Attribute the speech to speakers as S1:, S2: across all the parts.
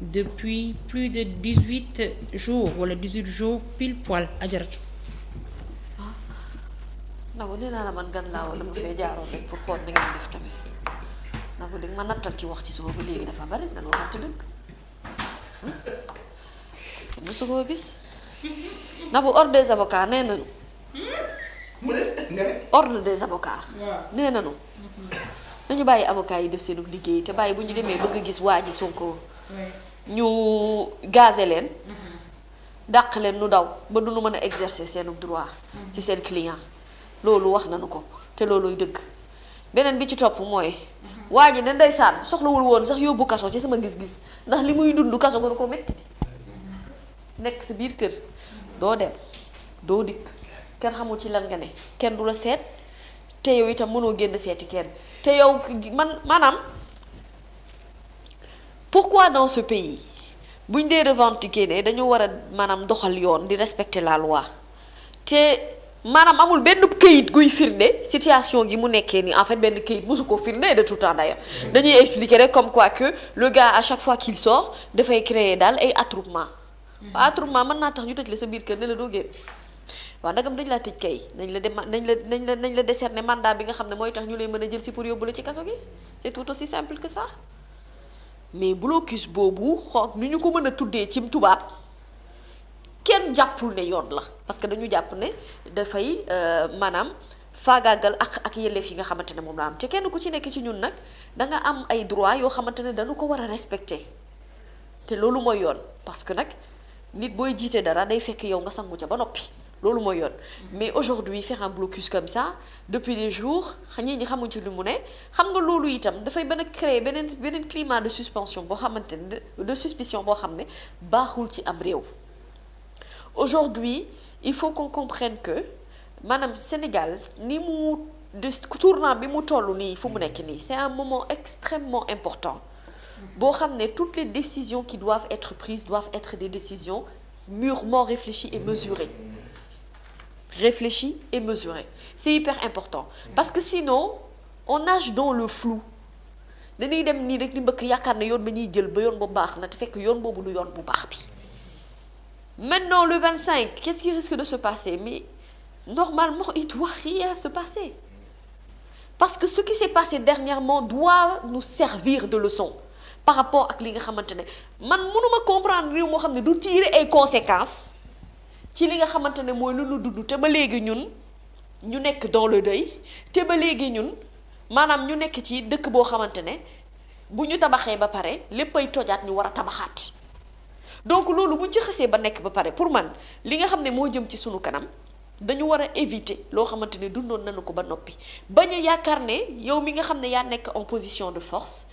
S1: depuis plus de dix-huit jours wala dix-huit jours pile poil ajaratu. ah
S2: Nabo nee naa la man gan laa wala ma fee jaaroon rek pour xool na ngeen def tamit Nabo di ma nattal ci wax ci suba bu léegi dafa bari nan waxante dëgg hmm? mosu koo gis Nabo ordre des avocats nee nañu. ordre des avocats. nee nañu. Mm-hmm. nañu bàyyi avocats yi def seenu liggéey te bàyyi bu ñu demee bëgg gis waa ji Sonko. ñu gazé leen dàq leen nu daw ba du nu mën a exercer seenu droit ci seen client loolu wax nañu ko te looluy dëgg beneen bi ci topp mooy waa ji ne saan soxlawul woon sax yóbbu kaso ci sama gis-gis ndax li muy dund kaso gënu ko métti nekk sa biir kër doo dem doo dikk kenn xamul ci lan nga ne kenn du la seet te yow itam mënoo génn seeti kenn te yow man maanaam pourquoi dans ce pays bu ñu dee revendiquer ne dañu war a maanaam doxal yoon di respecter la loi te maanaam amul benn këyit guy firnde situation gi mu nekkee ni en fait benn këyit mosu ko firnde de tout temps d'ailleurs dañuy expliquer rek comme quoi que le gars à chaque fois qu'il sort dafay créer daal ay attroupement mm-hmm. waaw attroupement mën naa tax ñu tëj la sa biir kër ne la doo génn waaw ndagam dañ laa tëj kay nañ la dem nañ la nañ la nañ la décerner mandat bi nga xam ne mooy tax ñu lay mën a jël si pour yóbbu la ci kaso gi c'est tout aussi mais blocus boobu xoog nu ñu ko mën a tuddee cim tubaab kenn jàppul ne yoon la parce que dañu jàpp ne dafay euh, maanaam faagaagal ak ak yelleef yi nga xamante ne moom la am te kenn ku ci nekk ci ñun nag da nga am ay droit yoo xamante ne dañu ko war a respecter te loolu mooy yoon parce que nag nit booy jiitee dara day fekk yow nga sangu ca ba noppi loolu mooy yoon mais aujourd'hui faire un blocus comme ça depuis des jours ñii ñi xamuñ ci lu mu ne xam nga loolu itam dafay benn créer beneen beneen climat de suspension boo xamante ne de suspicion boo xam ne baaxul ci am réew aujourd'hui il faut qu'on comprenne que maanaam Sénégal ni mu de tournant bi mu toll nii fu mu nekk nii c'est un moment extrêmement important boo xam ne toutes les décisions qui doivent être prises doivent être des décisions mûrement réfléchies et mesurées réfléchi et mesuré c'est hyper important parce que sinon on nage dans le flou dañuy dem nii rek ni mbëkk yaakaar na yoon ba ñuy jël ba yoon bu baax na te fekk yoon boobu lu yoon bu baax bi maintenant le 25 qu'est-ce qui risque de se passer mais normalement il doit rien se passer parce que ce qui s'est passé dernièrement doit nous servir de leçon par rapport ak li nga xamante ne man mënuma comprendre réew moo xam ne du tirer ay conséquences ci li nga xamante ne mooy lu nu dund te ba léegi ñun ñu nekk dans le deuil te ba léegi ñun maanaam ñu nekk ci dëkk boo xamante ne bu ñu tabaxee ba pare lépp ay tojaat ñu war a tabaxaat donc loolu bu ñu ci xësee ba nekk ba pare pour man li nga xam ne moo jëm ci sunu kanam dañu war a éviter loo xamante ne dundoon nañu ko ba noppi bañ a yaakaar ne yow mi nga xam ne yaa nekk en position de force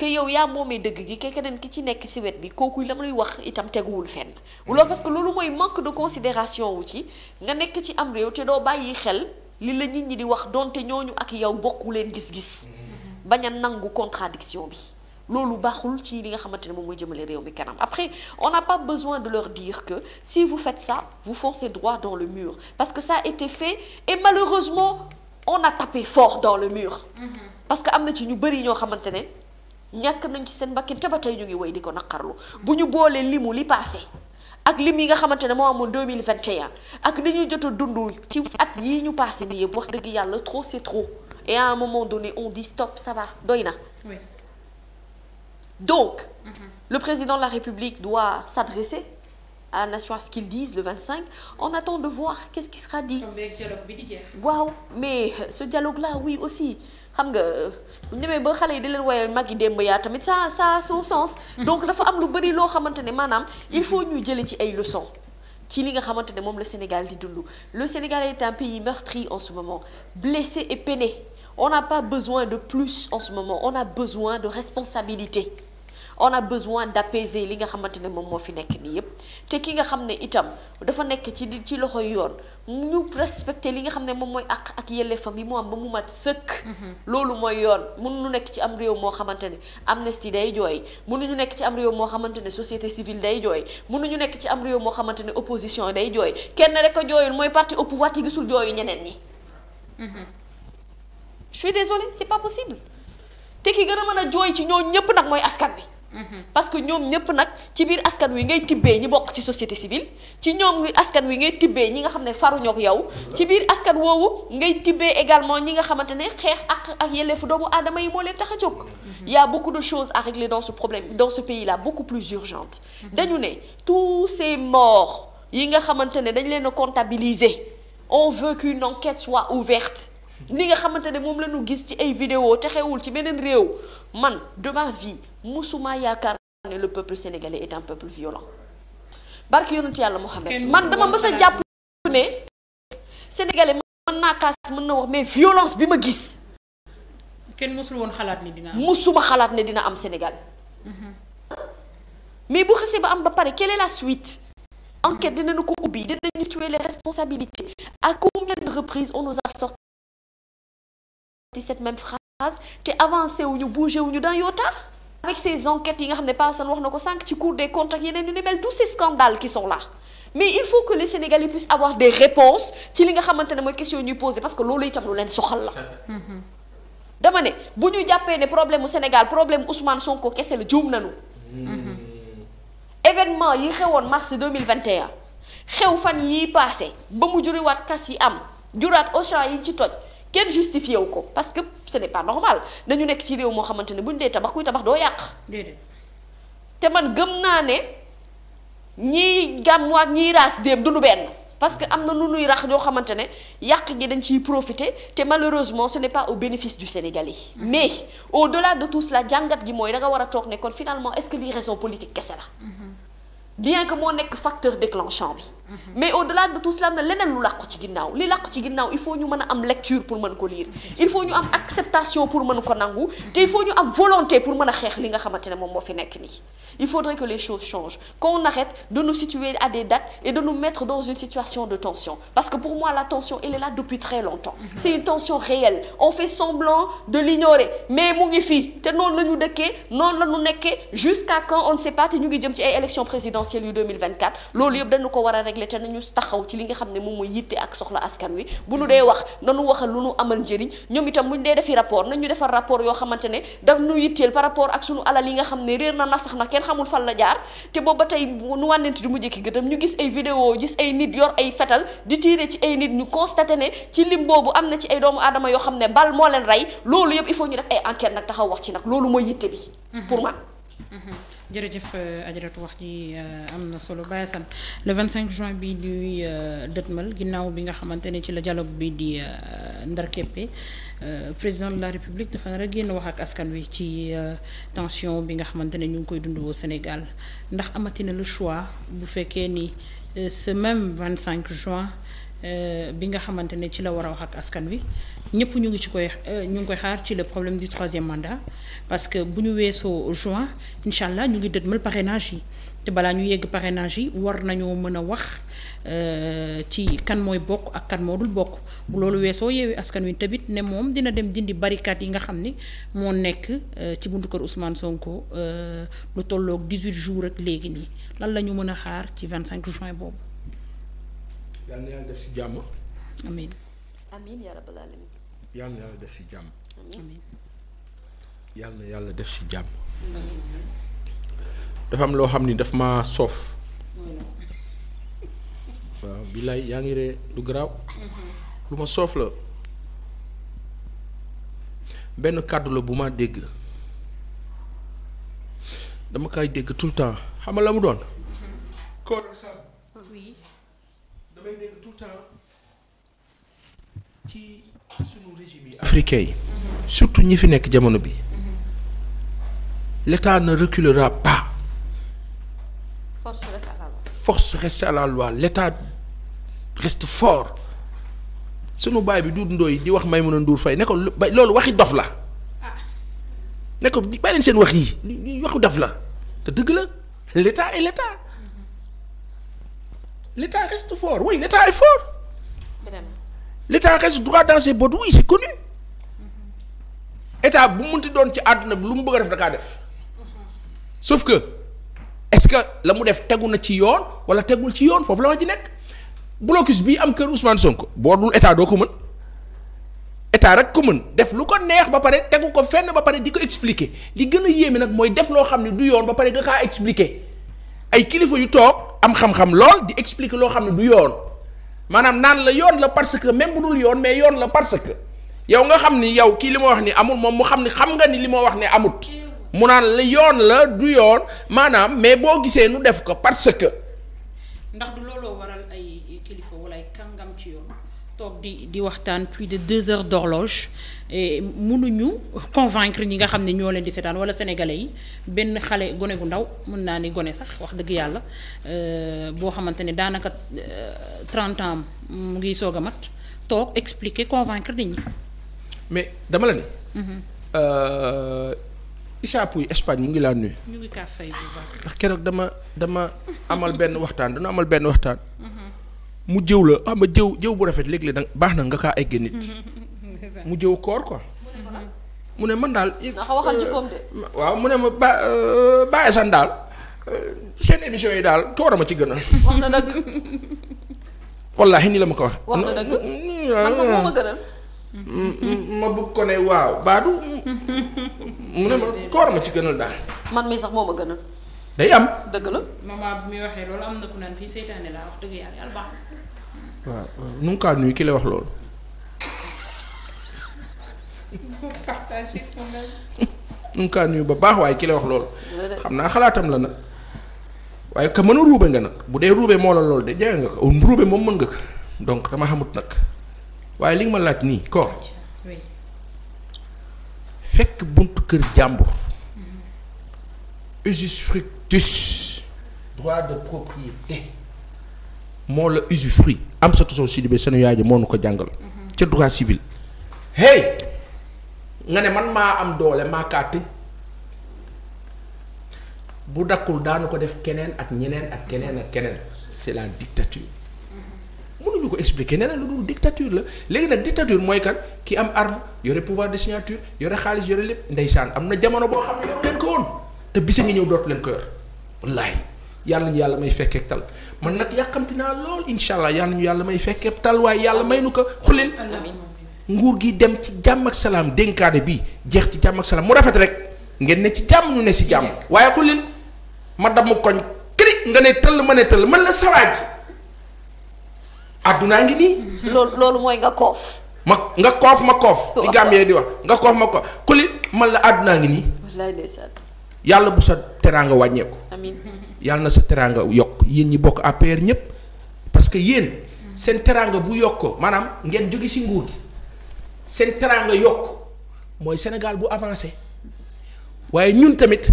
S2: que yow yaa moomee dëgg gi ke keneen ki ci nekk ci wet bi kooku la muy wax itam teguwul fenn. loolu parce que loolu mooy manque de considération wu ci nga nekk ci am réew te doo bàyyi xel li la nit ñi di wax donte ñooñu ak yow bokku leen gis-gis. bañ a nangu contradiction bi. loolu baaxul ci li nga xamante ne moom mooy jëmale réew mi kanam après on n'a pas besoin de leur dire que si vous faites ça vous foncez droit dans le mur parce que ça a été fait et malheureusement on a tapé fort dans le mur.
S3: Mm-hmm.
S2: que am na ci ñu bëri ñoo xamante ne. ñàkk nañ ci seen bakkin te ba tey ñu ngi woy di ko naqarlu bu ñu boolee limu li passé ak lim yi nga xamante ne moo amoon 2021 ak li ñu jot a dund ci at yii ñu passé nii yëpp wax dëgg yàlla trop c'est trop et à un moment donné on dit stop ça doy na. oui donc. Mm-hmm. le président de la République doit s'adresser à la nation dise ce vingt cinq le 25 on attend de voir qu'est-ce qui sera dit. waaw mais ce dialogue là oui aussi. xam nga bu demee ba xale yi di leen woyal mag yi démb yaa tamit ça ça son sens. donc dafa am lu bëri loo xamante ne maanaam il faut ñu jëlee ci ay leçons. ci li nga xamante ne moom la Sénégal di dund le Sénégal est yi pays meurtri en ce moment blessé et peiné on n'a pas besoin de plus en ce moment on a besoin de responsabilité on a besoin d'apaiser li nga xamante ne moom moo fi nekk nii yépp te ki nga xam ne itam dafa nekk ci ci loxoy yoon ñu respecté li nga xam ne moom mooy àq ak yelleefam yi moom ba mu mat sëkk. Mhm. loolu mooy yoon mun nu nekk ci am réew moo xamante ne amnesty day jooy mënuñu nekk ci am réew moo xamante ne société civile day jooy mënuñu nekk ci am réew moo xamante ne opposition day jooy kenn rek ko jooyul mooy parti au pouvoir te gisul jooyu ñeneen ñi. Mhm. je suis désolée c'est pas possible te ki gën a mën a jooy ci ñoo ñëpp nag mooy askan bi parce que ñoom ñëpp nag ci biir askan wi ngay tibbee ñi bokk ci société civile ci ñoom askan wi ngay tibbee ñi nga xam ne faruñoo yow ci biir askan woowu ngay tibbee également ñi nga xamante ne xeex ak ak yelleefu doomu aadama yi moo leen tax a jóg yaa bokku beaucoup de choses à régler dans ce problème dans ce pays là beaucoup plus urgente dañu ne tous ces morts yi nga xamante ne dañ leen a comptabiliser on veut qu'une enquête soit ouverte li nga xamante ne moom la ñu gis ci ay vidéo te xewul ci beneen réew man de ma vie musuma yaakaar ne le peuple sénégalais est un peuple violent barke yonent yàlla Mohamed man dama mës a jàpp ne sénégalais mën naa kaas mën na wax mais violence bi ma gis.
S1: kenn musul woon xalaat ne dina
S2: am musuma Sénégal. Mhm. mais bu xasee ba am ba pare quelle est la suite. enquête dinañu ko ubbi dinañu situer les responsabilités à combien de on nous a sorti cette même phrase te avancé wuñu bougé wuñu dans yoota avec ces enquêtes yi nga xam ne Pape Assane wax na ko sànq ci cour des comptes ak yeneen yu ni mel tous ces scandales qui sont là mais il faut que les Sénégalais puissent avoir des réponses ci li nga xamante ne mooy question yi ñuy posé parce que loolu itam lu leen soxal la. Mhm. dama ne bu ñu jàppee ne problème mu Sénégal problème Ousmane Sonko kese la juum nañu. Mhm. événement yi xewoon mars 2021 xew fan yii paase ba mu juriwaat kas yi am juraat Auchan yi ci toj. kenn justifié wu ko parce que ce n'est pas normal dañu nekk ci réew moo xamante ne bu ñu dee tabax kuy tabax doo yàq. déedéet te man gëm naa ne ñiy gàmmu ak ñiy raas du nu benn. parce que am na nu nuy rax ñoo xamante ne yàq gi dañ ci profiter te malheureusement ce n'est pas au bénéfice du Sénégalais. Mmh. mais au-delà de tout cela jàngat gi mooy da nga war a toog ne kon finalement est-ce que lii raison politique kese la. Mm-hmm. bien que moo nekk facteur déclenchant bi. mais au delà de tout cela am leneen lu làqu ci ginnaaw li làqu ci ginnaaw il faut ñu mën a am lecture pour mën ko lire il faut ñu am acceptation pour mën ko nangu te il faut ñu am volonté pour mën a xeex li nga xamante ne moom moo fi nekk nii il faudrait que les choses changent qu'on arrête de nous situer à des dates et de nous mettre dans une situation de tension parce que pour moi la tension elle est là depuis très longtemps c'est une tension réelle fii te noonu la régler te nañu taxaw ci li nga xam ne moom mooy yitte ak soxla askan wi bu nu dee wax nanu waxal lu nu amal njëriñ ñoom itam buñ dee defi rapport nañu defar rapport yoo xamante ne daf nu yitteel par rapport ak sunu alal yi nga xam ne réer na nasax na kenn xamul fan la jaar te booba tey nu wànnent di mu jëkki gëtam ñu gis ay vidéo gis ay nit yor ay fetal di tiire ci ay nit ñu constaté ne ci lim boobu am na ci ay doomu aadama yoo xam ne bal moo leen rey loolu yëpp il ñu def ay enquête nag taxaw wax ci nag loolu mooy yitte bi pour man mm-hmm.
S1: Mm-hmm. jërëjëf euh, ajaratu wax ji euh, am na solo Baye Assane le 25 juin bi di euh, dëtmal ginnaaw bi nga xamante ne ci la dialogue bi di ndar képpe président de la république dafa nar a génn wax ak askan wi ci tension bi nga xamante ne ñu ngi koy dund au Sénégal ndax amatina lu choix bu fekkee ni ce même 25 juin. Euh, bi nga xamante ne ci la war a wax ak askan wi ñëpp ñu ngi ci koy euh, ñu ngi koy xaar ci le problème du troisième mandat parce que bu ñu weesoo juin incha allah ñu ngi dëdmal parrainage yi te balaa ñu yegg parrainage yi war nañoo mën a wax euh, ci kan mooy bokk ak kan moo dul bokk bu loolu weesoo yeewee askan wi tamit ne moom dina dem dindi barricade yi nga xam ne moo nekk ci buntu kër Ousmane Sonko lu tolloog 18 jour ak léegi nii lan la ñu mën a xaar ci 25 juin boobu.
S4: yal na yàlla def si jàmm. amiin amiin na yàlla def ci jàmm.
S3: amiin
S4: am loo xam ni daf ma soof. waaw billaay yaa ngi ree lu garaaw. Mm-hmm. lu ma soof la. benn kàddu la bu ma dégg dama kay dégg tout le temps xam nga la mu doon. Mm-hmm. pourtant ci sunu régime surtout ñi fi nekk jamono bi l'État ne reculera pas force reste à la loi force fort sunu baay bi Doudou Ndoye di wax Maïmouna Ndour Faye ne ko loolu waxi dof la ah. ne ko bàyyi leen seen wax yi waxu dof la te dëgg la l'État est l'État l'État reste fort oui l'État est fort. l'État reste droit dans ses bottes oui c'est connu. état bu mu ti doon ci àdduna bi lu mu bëgg a def da def sauf que est-ce que la mu def tegu na ci yoon wala tegul ci yoon foofu la wax ji nekk blocus bi am kër Ousmane Sonko boo dul état doo ko mën état rek ko mën def lu ko neex ba pare tegu ko fenn ba pare di ko expliquer li gën a yéeme nag mooy def loo xam ne du yoon ba pare nga kaa expliquer. ay kilifa yu toog am xam-xam lool di expliquer loo xam ne du yoon maanaam naan la yoon la parce que même bu dul yoon mais yoon la parce que yow nga xam ni yow kii li ma wax ni amul moom mu xam ni xam nga ni li ma wax ne amut mu naan la yoon la du yoon maanaam mais boo gisee nu def ko parce que. ndax looloo
S1: waral. toog di di waxtaan plus de deux heures d'horloge et mënuñu convaincre ñi nga xam ne ñoo leen di seetaan wala sénégalais yi benn xale gone gu ndaw mën naa ni gone sax wax dëgg yàlla euh, boo xamante ne daanaka 30 euh, ans mu ngi soog a mat toog expliquer convaincre nit ñi.
S4: mais dama la ne. Mhm. Euh, Issa Pouye Espagne mu ngi laa nuyu.
S1: ñu ngi kaa fay bu baax.
S4: ndax keroog dama dama amal benn waxtaan dana amal benn waxtaan. Mhm. mu jëw la xam nga jëw jëw bu rafet léeg-léeg da baax na nga kaa egg nit. mu jëw koor quoi. mu ne man daal. waxal ci koom de. waaw mu ne ma ba bàyyi san daal seen émission yi daal toora ma ci gën a. wax na dëgg. wallaahi ni la ma ko wax. wax na dëgg man sax moo ma gënal. ma bëgg ko ne waaw baadu. mu ne ma toora ma ci gënal daal.
S1: man mii sax moo ma gënal. day am. dëgg la maman ku naan fii seytaane laa wax dëgg
S4: kaa nuyu wax loolu. nu mu ba baax waaye ki la wax loolu. xam naa xalaatam la nag. waaye ka mën a ruube nga nag bu dee ruube moo la loolu de nga ko moom mën nga ko donc dama xamut nag waaye li nga ma laaj nii ko fekk buntu kër jàmbur. usufructus droit de propriété moo la usufruit Amsatou Sow Sidibé seen yaay ji moo nu ko jàngal mhm. ca droit nga ne man maa am doole maa kaa tëj bu dakkul ko def keneen ak ñeneen ak keneen ak keneen c'est la dictature mhm. ko expliquer nee lu dul la léegi nag dictature mooy kan ki am arme yore pouvoir de signature yore xaalis yore lépp ndeysaan am na jamono boo xam ne leen ko woon te bise ngi ñëw dootu leen ko yor yàlla ñu yàlla may fekkee tal man nag yàkkamti naa lool incha allah yàlla ñu yàlla may fekkee tal waaye yàlla may nu ko xulil nguur gi dem ci jàmm ak salaam dénkaade bi jeex ci jàmm ak salaam mu rafet rek ngeen ne ci jàmm ñu ne si jàmm waaye xulil ma damm koñ këri nga ne tëll ma ne tëll man la sawaaj àddunaa ngi nii loolu mooy nga koof ma nga koof ma koof li gàmm yee di wax nga koof ma koof xulil man la àddunaa ngi nii yàlla bu sa teraanga wàññeeku. amiin yàlla na sa teraanga yokk yéen ñi bokk APR ñëpp parce que yéen seen teraanga bu yokkoo maanaam ngeen jóge si nguur gi seen teraanga yokk mooy Sénégal bu avancé waaye ñun tamit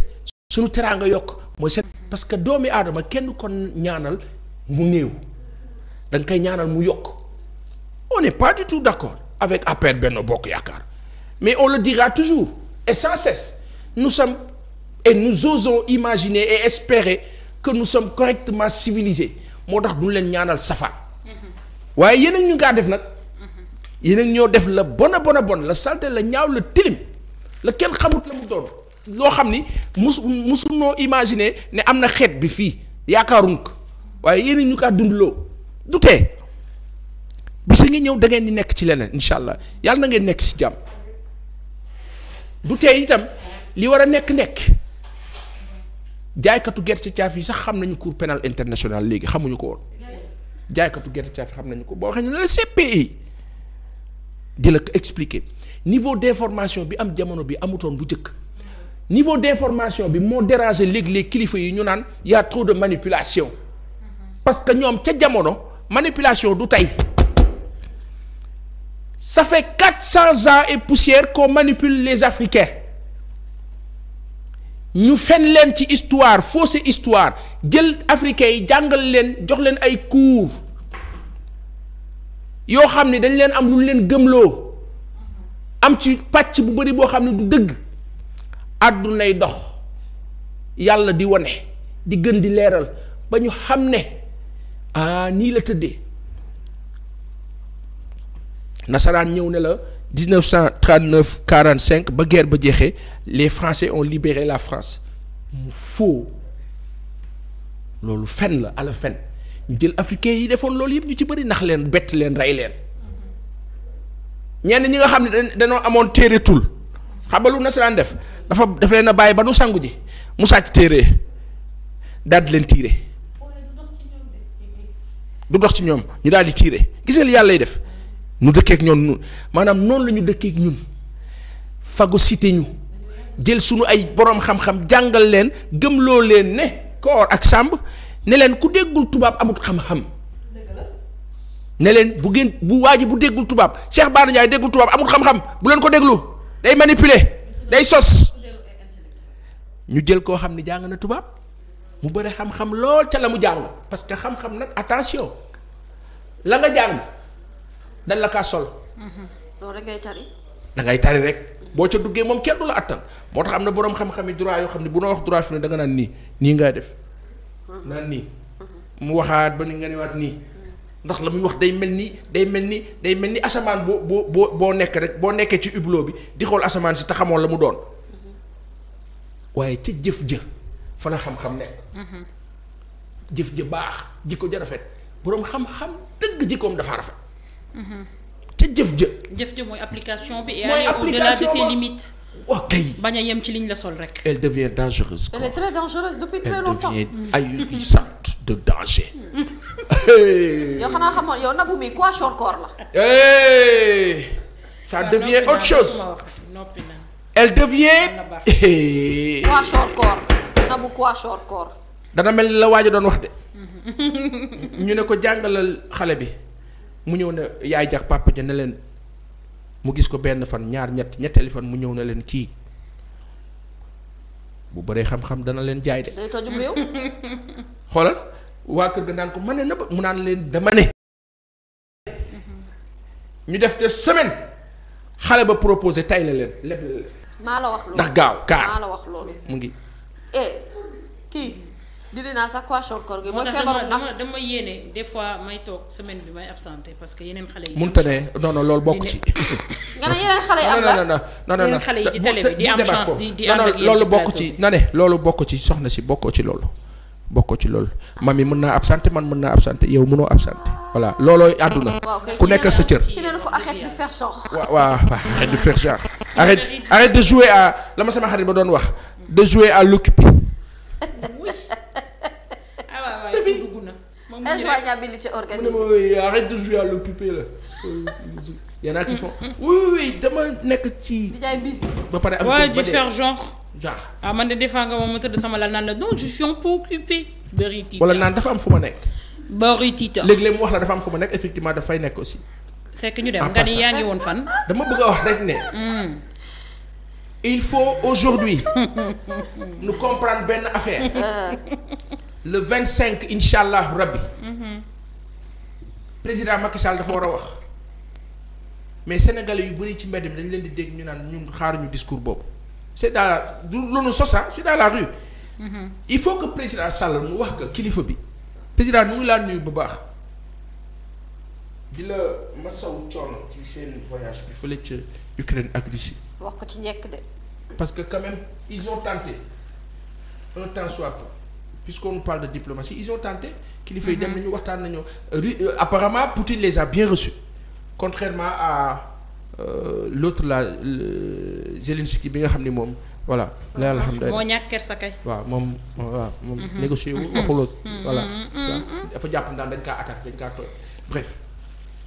S4: suñu teraanga yokk mooy seen parce que doomi aadama kenn kon ñaanal mu néew da nga koy ñaanal mu yokk on n'est pas du tout d'accord avec APR Benno Bokk Yaakaar mais on le dira toujours et sans cesse nous et nous osons imaginer et espérer que nous sommes correctement civilisés moo tax duñu leen ñaanal safaan waaye yéen ñu ngaa def nag yéen ñoo def la bona bona bon la salté la ñaaw la tilim la kenn xamut la mu doon loo xam ni musu musunoo imaginer ne am na xeet bi fii yaakaaruñ ko waaye yéen ñu kaa dundloo du bi sa ngi ñëw dangeen di nekk ci leneen incha allah yàlla na ngeen nekk si jàmm du tee itam li war a nekk nekk. jaaykatu gerte caaf yi sax xam nañu cour pénal international léegi xamuñu ko woon jaaykatu gerte caaf xam nañu ko boo xam ne la CPI di la ko expliquer niveau d'information bi am jamono bi amutoon bu njëkk niveau d'information bi moo déranger léeg-léeg kilifa yi ñu naan y a de manipulation parce que ñoom ca jamono manipulation du tey ça fait quatre cents et poussière qu'on manipule les Africains ñu fen leen ci histoire fausse histoire jël africains yi jàngal leen jox leen ay cours yoo xam ne dañ leen am lu leen gëm gëmloo am ci pàcc bu bari boo xam ne du dëgg àddunay dox yàlla di wane di gën di leeral ba ñu xam ne ah nii la tëddee nasaraan ñëw ne la 1939 45 ba guerre ba jeexee les français ont libéré la France mu faux loolu fen la ala jël africain yi defoon loolu yëpp ñu ci bëri nax leen bett leen rey leen ñenn ñi nga xam ne dañoo amoon téere toul xabalu na lu nasaraan def dafa daf leen a bàyyi ba nu sangu ji mu sàcc téere dal di leen tiire du dox ci ñoom ñu daal di tiire gis yàlla lay def. nu dëkkeek ñoom maanaam noonu la ñu dëkkeek ñun phagocyté ñu jël sunu ay boroom xam-xam jàngal leen gëmloo leen ne koor ak sàmb ne leen ku déggul tubaab amut xam-xam ne leen bu gën bu waa bu déggul tubaab Cheikh Bara Ndiaye déggul tubaab amul xam-xam bu leen ko déglu day manipuler day sos ñu jël koo xam ne jàng na tubaab mu bëri xam-xam lool ca la mu jàng parce que xam-xam nag attention la nga jàng. dañ la kaa sol.
S2: Mm-hmm. loolu rek ngay tari.
S4: da ngay tari rek. boo ca duggee moom kenn du la attan moo tax am na boroom xam-xami droit yoo xam ne bu noo wax droit fi ne da naan nii nii ngay def. Mm-hmm. naan nii. Mm-hmm. mu waxaat ba ni nga newaat nii. ndax la muy wax day mel ni day mel ni day mel ni asamaan boo boo boo boo nekk rek boo nekkee ci hublot bi di xool asamaan si te xamoon la mu doon. waaye ca jëf jë fa la xam-xam nekk. jëf jë baax jikko ja rafet boroom xam-xam dëgg jikkoom dafa rafet.
S1: ca jëf jë. jëf jë mooy application bi. mooy application bi et aller au-delà de tes limites. ok bañ a yem ci liñ la sol rek.
S4: elle devient dangereuse.
S1: elle est très dangereuse depuis
S2: très longtemps. elle devient
S4: ahurissante de danger. yow
S2: xanaa xamoon ah, elle devient. quoi corps.
S4: dana mel ni la waaj a doon wax de. ñu ne ko jàngalal xale bi. mu ñëw ne yaay jax papa ja ne leen mu gis ko benn fan ñaar ñett ñetteeli fan mu ñëw ne leen kii bu bëree xam-xam dana leen jaay de. day
S3: tojum réew.
S4: xoolal waa kër ga naan ko mën na ba mu naan leen dama ne.
S3: Mhm.
S4: ñu def te semaine xale ba proposé tay la leen lépp.
S2: maa la wax loolu ndax gaaw kaar mu ngi. Eh,
S1: dindi naa sax kwaasoor koor gi. mooy feebaru nas dama dama yéene des fois may toog semaine bi may absenté parce que yeneen xale
S2: yi.
S4: mënta ne non non loolu bokk ci. nga ne yeneen xale yi am la non non non yeneen xale yi ci télé bi di am chance di di ànd ak yéen loolu bokk ci na ne loolu bokk ci soxna si bokkoo ci loolu. bokkoo ci loolu mami mën naa absenté man mën naa absenté yow mënoo absenté voilà loolooy àdduna. ku nekk sa cër. ki
S2: leen ko arrête de faire genre. waaw waaw
S4: arrête de faire genre. arrête arrête de jouer à la ma sama xarit ba doon wax de jouer à l'occupé
S2: injoignabilité organisée mu
S4: ne ma euh, dama nekk ci. di jaay ba pare am waaye di faire genre.
S1: genre ah des fois nga ma ma sama la naan la non je suis
S4: naan dafa am fu ma nekk. bëri tiita léeg-léeg mu wax la dafa am fu ma nekk effectivement dafay nekk aussi.
S1: c'est que ñu dem nga ni yaa ngi woon
S4: fan. dama bëgg a wax rek ne. Hmm. il faut aujourd'hui nous comprendre benn affaire. Euh. le vingt cinq incha allah rabbi mhm. président Macky Sall dafa war a wax mais sénégalais yu bëri ci mbedd mi dañ leen di dégg ñu naan ñun xaaruñu discours boobu c'est dans la du loolu sosa ah, c'est dans la rue mm il faut que président Sall mu wax que kilifa bi président nu ngi laa nuyu bu baax di la masaw coono ci seen voyage bi fële ca Ukraine ak Russie wax ko ci njëkk de parce que quand même ils ont tenté un temps puisqu'on parle de diplomatie ils ont tenté kilifa yi dem mm-hmm. nañu waxtaan nañu euh, apparemment Poutine les a bien reçus contrairement à euh, l'autre là bi nga xam ni moom voilà la alhamdulilah moo ñàkk kersa kay waaw moom waaw moom mm-hmm. négocié wu mm-hmm. waxuloo voilà dafa jàpp ndaan dañ kaa attaque dañ kaa tooy bref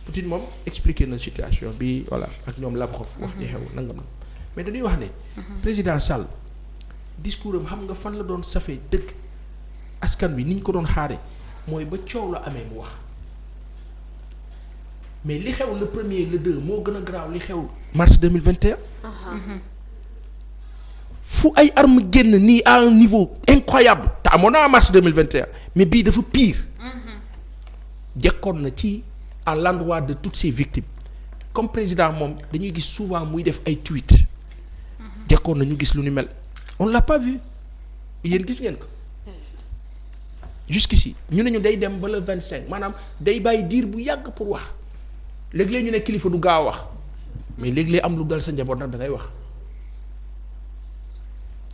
S4: Poutine moom expliqué na situation bi voilà ak ñoom Lavrov wax di xew nangam na mais dañuy wax ne président Sall discours am xam nga fan la doon safee dëgg askan wi niñ ko doon xaare mooy ba coow la amee mu wax mais li xew la premier le deux moo gën a garaaw li xew mars deux mille vingt et uh-huh. fu ay armes génn nii à un niveau incroyable te amoon naa mars deux mille vingt mais bii dafa pire uh-huh. jekkoon na ci à l'endroit de tout ces victimes comme président moom dañuy gis souvent muy def ay tweet
S3: uh-huh.
S4: jekkoon na ñu gis lu ni mel on l'a pas vu yéen gis ngeen ko jusqu'ici ñu ne ñu day dem ba le vingt cinq maanaam day bàyyi diir bu yàgg pour wax léeg-léeg ñu ne kilifa du gaaw wax mais léegi léeg am lu dal sa njaboot nag dangay wax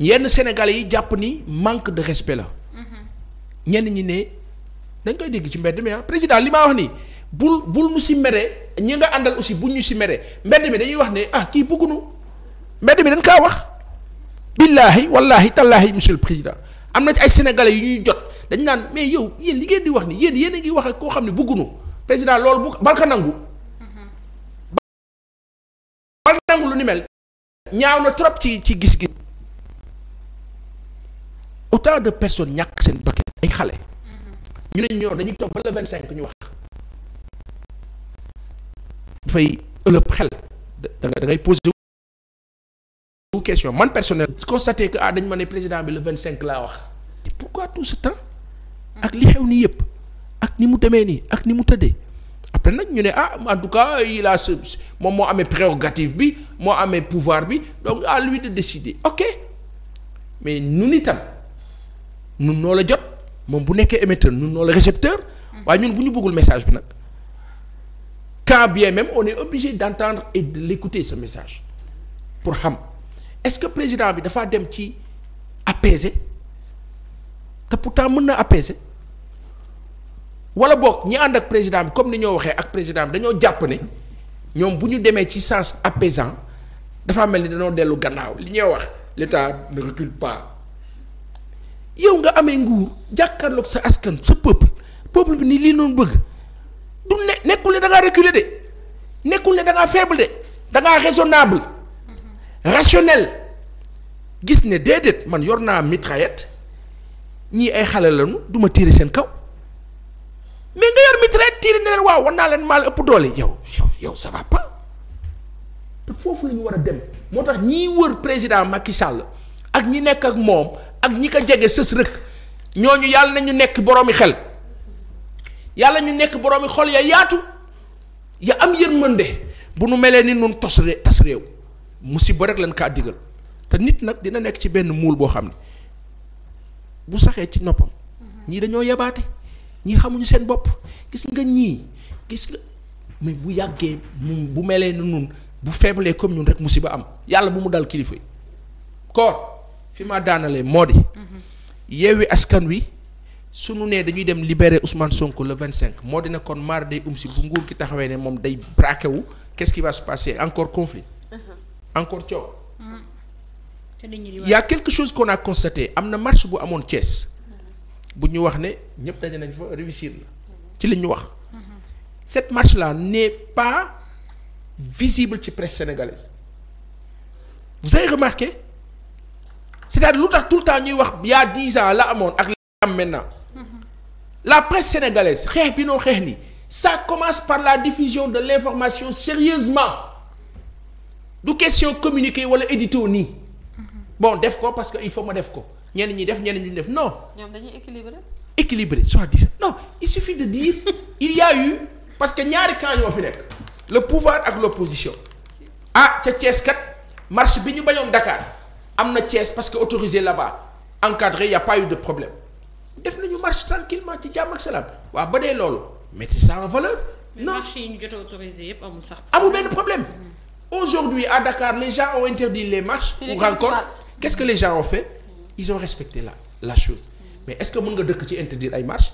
S4: yenn Sénégalais yi jàpp ni manque de respect la
S3: mm-hmm.
S4: ñenn ñi ne dañ koy dégg ci mbedd mi ah président li maa wax ni bul bul mu si mere ñi nga àndal aussi buñ ñu si mere mbedd mi dañuy wax ne ah kii bëggunu mbedd mi dañ kaa wax billaahi wallaahi tallaahi monsieur le président am na ci ay sénégalais yu ñuy jot dañ naan mais yow yéen li ngeen di wax ni yéen yéen a ngi wax koo xam ne bëggunu président loolu bu balka nangu bal nangu lu ni mel ñaaw na trop ci ci gis-gis autant de personnes ñàkk seen bakkan ay xale ñu ne ñoo dañuy toog ba vingt cinq ñu wax dafay ëllëg xel da da ngay poser question man personnel constaté que ah dañ ma ne président bi le vingt cinq laa wax pourquoi tout ce ak li xew nii yëpp ak ni mu demee nii ak ni mu tëddee après nag ñu ne ah en tout cas il moom moo amee prérogative bi moo amee pouvoir bi donc à lui de décider ok mais ñun itam ñun noo la jot moom bu nekkee émetteur ñun noo la récepteur waaye ñun bu ñu bëggul message bi nag quand bien même on est obligé d'entendre et de l'écouter ce message pour xam est-ce que président bi dafa dem ci apaiser te pourtant mën na apaiser wala boog ñi ànd ak président bi comme ni ñoo waxee ak président bi dañoo jàpp ne ñoom bu ñu demee ci sens apaisant dafa mel ni dañoo dellu gannaaw li ñuy wax l'état ne recule pas yow nga amee nguur jàkkaarloog sa askan sa peuple peuple bi ni lii noonu bëgg du ne nekkul ne da ngaa de nekkul ne da ngaa faible de da ngaa raisonnable rationnel gis ne déedéet man yor naa mitraillette ñii ay xale lañu du ma tiire seen kaw mais nga yor mitraillette tiire ne leen waaw war naa leen maal ëpp doole yow yow yow ça va te foofu la ñu war a dem moo tax ñiy wër président Macky Sall ak ñi nekk ak moom ak ñi ko jege sës rëkk ñooñu yàlla na ñu nekk boroomi xel yàlla ñu nekk boroomi xol ya yaatu ya am yërmande bu nu melee ni nun tos tas réew musiba rek lañ kaa digal te nit nag dina nekk ci benn muul boo xam ne. bu saxee ci noppam ñii dañoo yabaate ñii xamuñu seen bopp gis nga ñii gis nga mais bu yàggee mu bu melee na nun bu feebalee comme ñun rek musiba am yàlla bu mu dal kilifa yi koor fi ma daanalee moo di yeewi askan wi suñu nee dañuy dem libérer Ousmane Sonko le vingt cinq moo di ne kon maar day um bu nguur gi taxawee ne moom day braqué wu qu'est-ce qui va encore conflit
S3: uh-huh. encore coow y a quelque
S4: chose qu'on a constaté am na marche bu amoon Thiès bu ñu wax ne ñëpp daje nañ fa réussir la ci li ñu wax cette marche là n'est pas visible ci presse sénégalaise vous avez remarqué cest à lu tax tout le temps ñuy wax il y a la amoon ak la am maintenant la presse sénégalaise xeex bi noo xeex ni sa commence par la diffusion de l'information sérieusement du question communiqué wala édito nii bon def ko parce que il faut ma def ko ñenn ñi def ñenn ñu def non.
S2: ñoom dañuy équilibré.
S4: équilibré soit dit non il suffit de dire il y a eu parce que ñaari camps ñoo fi nekk le pouvoir ak l'opposition ah ca Thiès kat marche bi ñu bañoon Dakar am na Thiès parce que autorisé là-bas encadré y a pas eu de problème def na nañu marche tranquillement ci jàmm ak salaam waaw ba dee loolu mettez ça en valeur.
S1: non ñu jot a autorisé yëpp amul sax.
S4: amul benn problème mm. aujourd'hui à Dakar les gens ont interdit les marches. ou rencontres. qu'est-ce que les gens ont fait ils ont respecté la la chose mais est-ce que mën nga dëkk ci interdire ay marche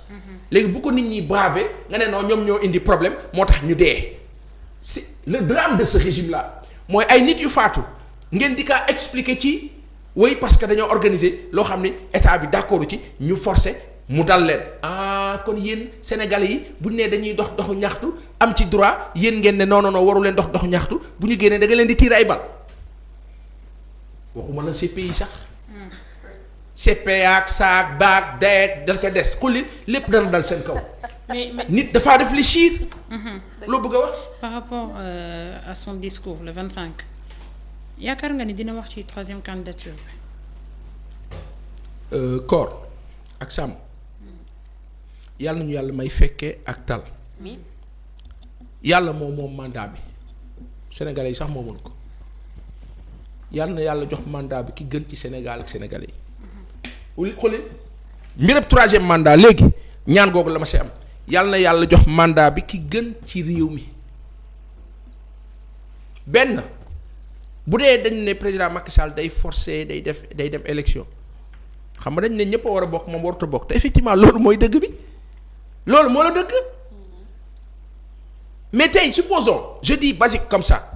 S4: léegi bu ko nit ñi braver nga ne non ñoom ñoo indi problème moo tax ñu dee si le drame de ce régime là mooy ay nit yu faatu ngeen di kaa expliquer ci way parce que dañoo organiser loo xam ni état bi d'accord ci ñu forcer mu dal leen ah kon yéen sénégalais yi bu ñu nee dañuy dox doxu ñaxtu am ci droit yéen ngeen ne non non non waru leen dox doxu ñaxtu bu ñu génnee da nga leen di tiir ay bal waxuma la yi sax. CPA ak saak baak dayeeg dal ca des xulli lépp dana dal seen kaw. nit dafaa def réfléchir. Mhm. loo bëgg a wax.
S1: par rapport euh, à son discours le 25 yaakaar nga ni dina wax ci troisième candidature bi.
S4: Koor euh, ak Sàmm. yàlla nañu yàlla may fekkee ak tal. yàlla moom moom mandat bi sénégalais yi sax moomuñu ko. yàlla na yàlla jox mandat bi ki gën ci Sénégal ak Sénégalais yi. xooli mbirab troisième mandat léegi ñaan googu la ma si am yal na yàlla jox mandat bi ki gën ci réew mi benn bu dee dañ ne président Macky Sall day forcer day def day dem élection xam nga dañ ne ñëpp war a bokk moom warut bokk te effectivement loolu mooy dëgg bi loolu moo la dëgg mm-hmm. mais tey supposons je dis basique comme ça.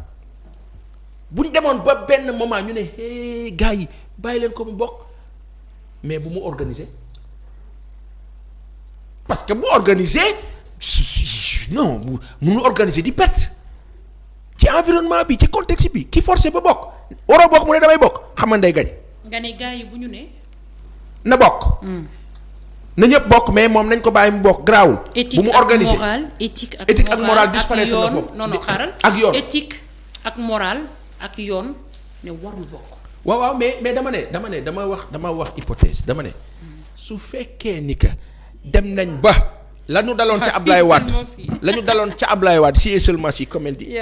S4: bu ñu demoon ba benn moment ñu ne hey gars yi bàyyi leen ko mu bokk mais bu mu organiser parce que bu organiser non bu munu organiser di perte ci environnement bi ci contexte bi ki forcé ba bokk waroo bokk mu ne damay bokk xam nga day gañ.
S1: nga ne gars yi bu ñu ne.
S4: na bokk. Hmm. na ñëpp bokk mais moom nañ ko bàyyi mu bokk garaawul. bu mu organiser
S1: éthique ak morale éthique ak morale disparaître na foofu. non non xaaral ak yoon éthique ak morale. ak yoon ne warul bokk.
S4: waaw waaw mais mais dama ne dama ne dama wax dama wax hypothèse dama ne. su fekkee ni que dem nañ ba. la ñu daloon ca Ablaye Wade la ñu daloon ca Ablaye waat si et seulement si comme elle dit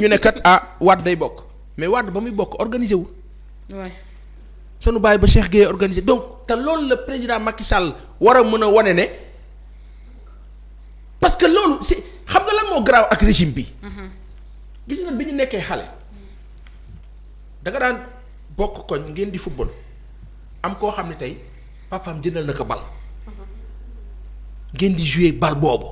S4: ñu ne kat ah waat day bokk mais Wade ba muy bokk organisé wu. waay sunu bàyyi ba Cheikh Gueye organisé donc te loolu la président Macky Sall war a mën a wane ne parce que loolu si xam nga lan moo garaaw ak régime bi. Mm-hmm. gis nga bi ñu nekkee xale. da nga daan bokk koñ ngeen di football am koo xam ne tey papaam jëndal na ko bal ngeen di jouer bal boobu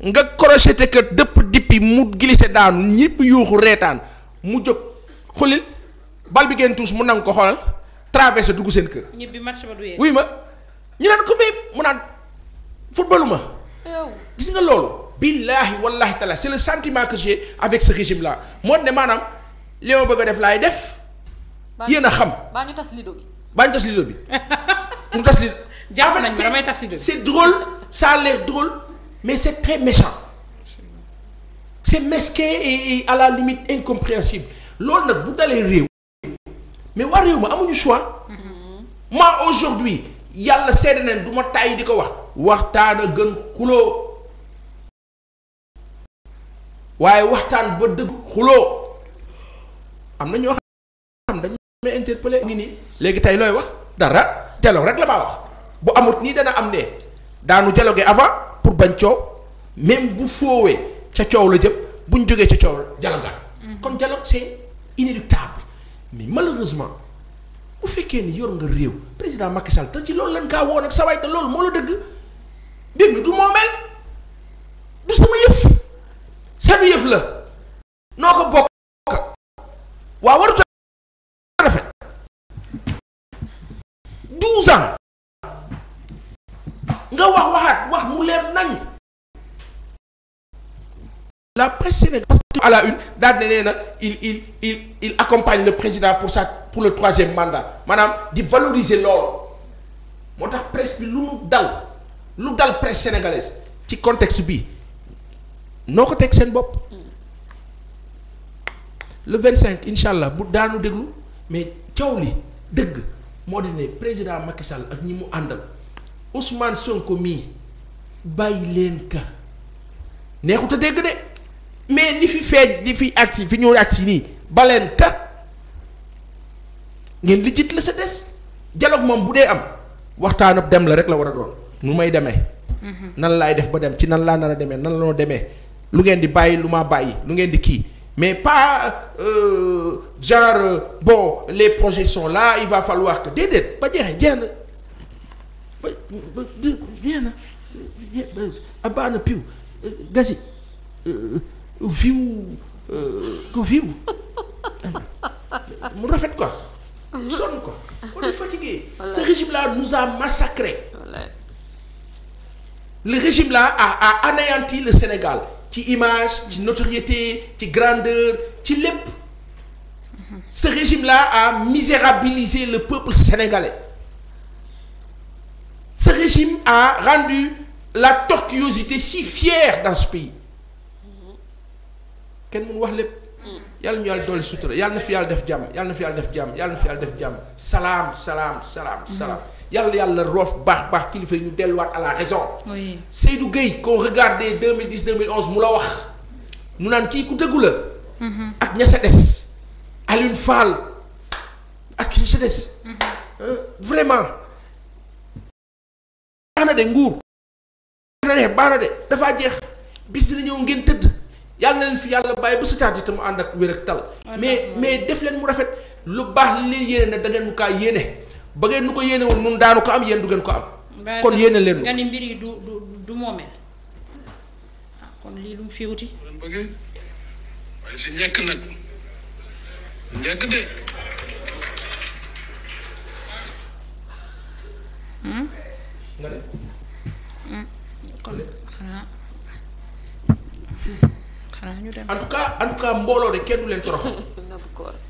S4: nga crocheté que dëpp dippi mu glissé daanu ñëpp yuuxu reetaan mu jóg xulil bal bi ngeen tuus mu nangu ko xoolal traversé dugg seen kër.
S1: ñibbi match ba ma
S4: ñu naan ko béy mu naan footballu ma. gis nga loolu. billahi wallahi taala c'est le sentiment que j'ai avec ce régime là moo ne maanaam li ma bëgg a def laay def.
S2: yéen a xam. baa ñu tas lido bi.
S4: baa ñu tas lido bi mu tas lido. jàpp nañu damay tas lido bi c'est drôle ça a l'air drôle mais c'est très méchant. c'est mesquin et à la limite incompréhensible lool nag bu dalee réew. mais waa réew ma amuñu choix. Mm-hmm. moi aujourd'hui yàlla seede nañ du ma tàyyi di ko wax. waxtaan a gën xuloo. waaye waxtaan ba dëgg xuloo am na ñoo xam ngi nii léegi tey looy wax dara dialogue rek la bu amut nii dana am ne daanu dialogué avant pour bañ coow même bu foowee ca coow la jëm buñ jógee ca coow dialogaat mm-hmm. kon dialogue c'est inéluctable mais malheureusement bu fekkee ni yor nga réew président Macky Sall te ci loolu lañ kaa woon ak sa waay te lool moo la dëgg mbir mi du moomeel du sama yëf yëf la noo ko bokk nga wax waxaat wax mu leer nañ la presse sénégalaise à la une daal ne il il il accompagne le président pour ça pour le troisième mandat maanaam di valoriser loolu moo tax presse bi lu mu dal lu dal presse sénégalaise ci contexte bi noo ko teg seen bopp le 25 incha allah bu daanu déglu mais coow li dëgg moo di ne président Macky Sall ak ñi mu àndal Ousmane Sonko mii bàyyi leen ka neexut a dégg de mais ni fi feej ni fi agsi fi ñu agsi nii baleen ka ngeen lijjit la sa des dialogue moom bu dee am waxtaanab dem la rek la war a doon nu may demee. Mhm. nan laay def ba dem ci nan laa nar a demee nan la demee lu ngeen di bàyyi lu maa bàyyi lu ngeen di kii. mais pas euh, genre euh, bon les projets sont là il va falloir que déedéet ba jeexee jeex na ba ba na piw gasi euh, viw euh, ko viw mu rafet quoi sonn quoi on est fatigué ce régime là nous a massacré le régime là a anéanti le Sénégal ci image ci notoriété ci grandeur ci lépp ce régime là a misérabilisé le peuple sénégalais ce régime a rendu la tortuosité si fière dans ce pays kenn mun wax lépp yàlla ñu yàlla dolli sutura yàlla na fi yàlla def jàmm yàlla na fi yàlla def jàmm yàlla na def jàmm salaam salaam salaam salaam yàlla yàlla roof baax baax kilifa yi ñu delluwaat à la raison. oui Seydou Gueye koo regardé 2010 2011 mu la wax mu naan kii ku dëggu la. Mm-hmm. ak ña sa des Alioune Fall ak ña sa des. Mm-hmm. Euh, vraiment. baax na de nguur. baax na de baax dafaa jeex bis dina ñëw ngeen tëdd yàlla na leen fi yàlla bàyyi ba sutaat yi te mu ànd ak wér ak tal. mais mais def leen mu rafet lu baax li leen yéene na da ngeen yéene. ba ngeen nu ko yéene woon nun daanu ko am yéen du ngeen ko am.
S1: kon yéene leen du du du moomeel ah, kon lii lu mu fi wuti. waaye si njëkk nag
S3: njëkk
S4: hmm? hmm? mbooloo de kenn du leen toroxal.